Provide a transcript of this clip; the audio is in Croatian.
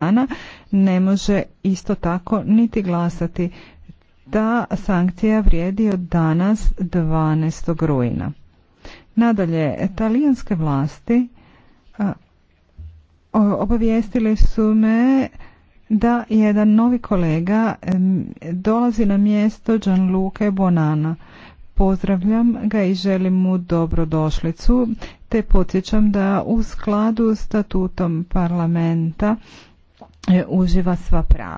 dana ne može isto tako niti glasati. da sankcija vrijedi od danas 12. rujna. Nadalje, talijanske vlasti obavijestile obavijestili su me da jedan novi kolega dolazi na mjesto Gianluca Bonana. Pozdravljam ga i želim mu dobrodošlicu, te podsjećam da u skladu statutom parlamenta uživa sva prava.